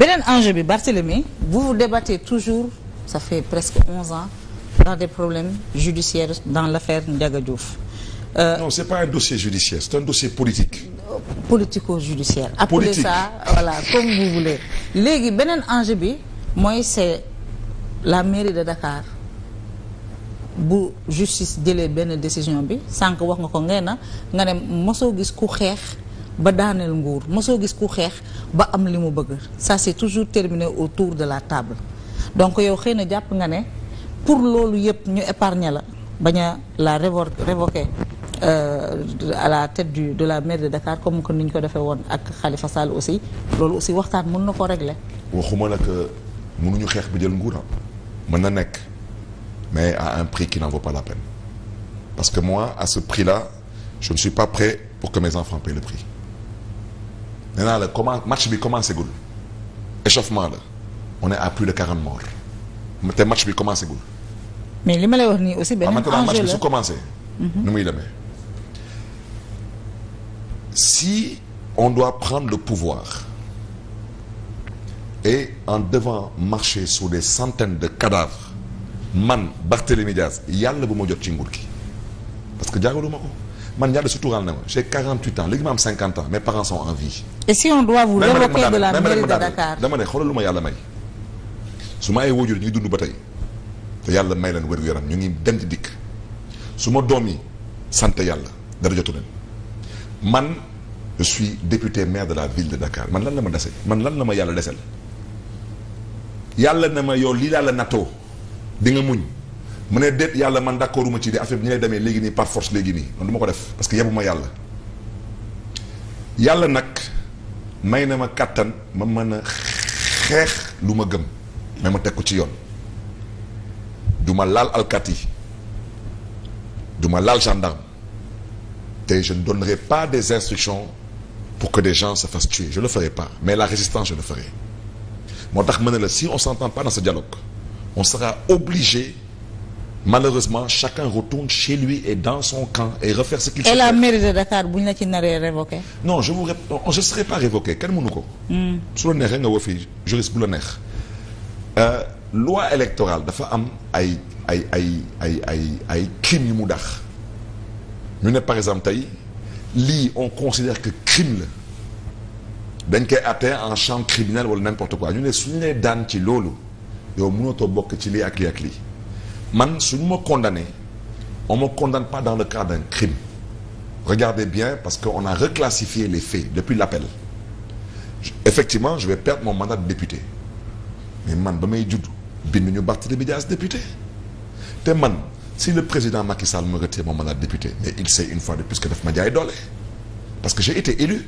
beneen enjeu bi Barthélemy vous vous débattez toujours ça fait presque onze ans dans des problèmes judiciaires dans l'affaire Ndiaga Diouf. Euh, non c'est pas un dossier judiciaire c'est un dossier politique. politico-judiciaire. appelez ça voilà comme vous voulez. léegi beneen enjeu bi mooy c'est la mairie de Dakar bu justice jëlee benn décision bi sànq wax nga ko ngay na nga ne mosoo gis ku xeex. ba daaneel nguur mosoo gis ku xeex ba am li mu bëgg ça c'est toujours terminé autour de la table donc yow xëy na jàpp nga ne pour loolu yëpp ñu épargner la bañ a la révoquer Euh, à la tête de la maire de Dakar comme que ni ñu ko defee woon ak Khalifa Sall aussi loolu aussi waxtaan mën na ko régler. waxuma la que mënuñu xeex bi jël nguuram ah. mën na nekk mais à un prix qui n'en vaut pas la peine parce que moi à ce prix-là je ne suis pas prêt pour que mes enfants paient le prix. nee naa la match bi commencé gul échauffement la on est à plus de 40 morts te match bi commencé gul. mais li ma lay wax nii aussi beneen match bi su commencé. Mhm. nu muy demee si on doit prendre le pouvoir et en devant marcher sur des centaines de cadavres man Barthélémy Diaz yàlla bu ma jot ci nguur gi parce que jàngalu ma ko. man ñaar de surtout na ma j'ai 48 ans léegi ma am 50 ans mes parents sont en vie. et si on doit vous révoquer de la mairie de Dakar dama ne xoolal lu ma yàlla may. su ma ay waajur ñu ngi dund ba tey te yàlla may leen wér-gu-yaram ñu ngi dem di dikk su ma doom yi sant yàlla dara jotu leen man je suis député maire de la ville de Dakar man lan la ma dese man lan la ma yàlla desel yàlla na ma yow lii laa la nattoo di nga muñ. mu ne déet yàlla man d'accordu ma ci di affaire bi ñu lay demee léegi nii par force léegi nii man ko def parce que yebu ma yàlla yàlla nag may na ma kàttan ma mën a xeex lu ma gëm mais ma teg ko ci yoon duma ma laal alkaati yi du ma laal gendarme te je ne donnerai pas des instructions pour que des gens se fassent tuer je le ferai pas mais la résistance je le ferai moo tax ma ne la si on s'entend pas dans ce dialogue on sera obligé malheureusement chacun retourne chez lui et dans son camp et refaire ce qu'il la mairie de Dakar bu ñu la ci naree révoqué. non je vous rép je serai pas révoqué kenn mënu ko. Hmm. su la neexee nga woo fii juriste bu la neex. Euh, loi électorale dafa am ay ay ay ay ay ay crimes mu dax ñu ne par exemple tey lii on considère que crime la dañ koy atte en chambre criminelle wala n'importe quoi ñu ne suñu nee daan ci loolu yow mënatoo bokk ci lii ak lii ak lii. man suñu ma condamné on me condamne pas dans le cadre d'un crime regardez bien parce que on a reclassifié les faits depuis l'appel effectivement je vais perdre mon mandat de député mais man ba may judd bind ñu Barthélémy Dias député te man si le président Macky Sall me retire mon mandat de député mais il sait une fois de plus que daf ma jaay doole parce que j'ai été élu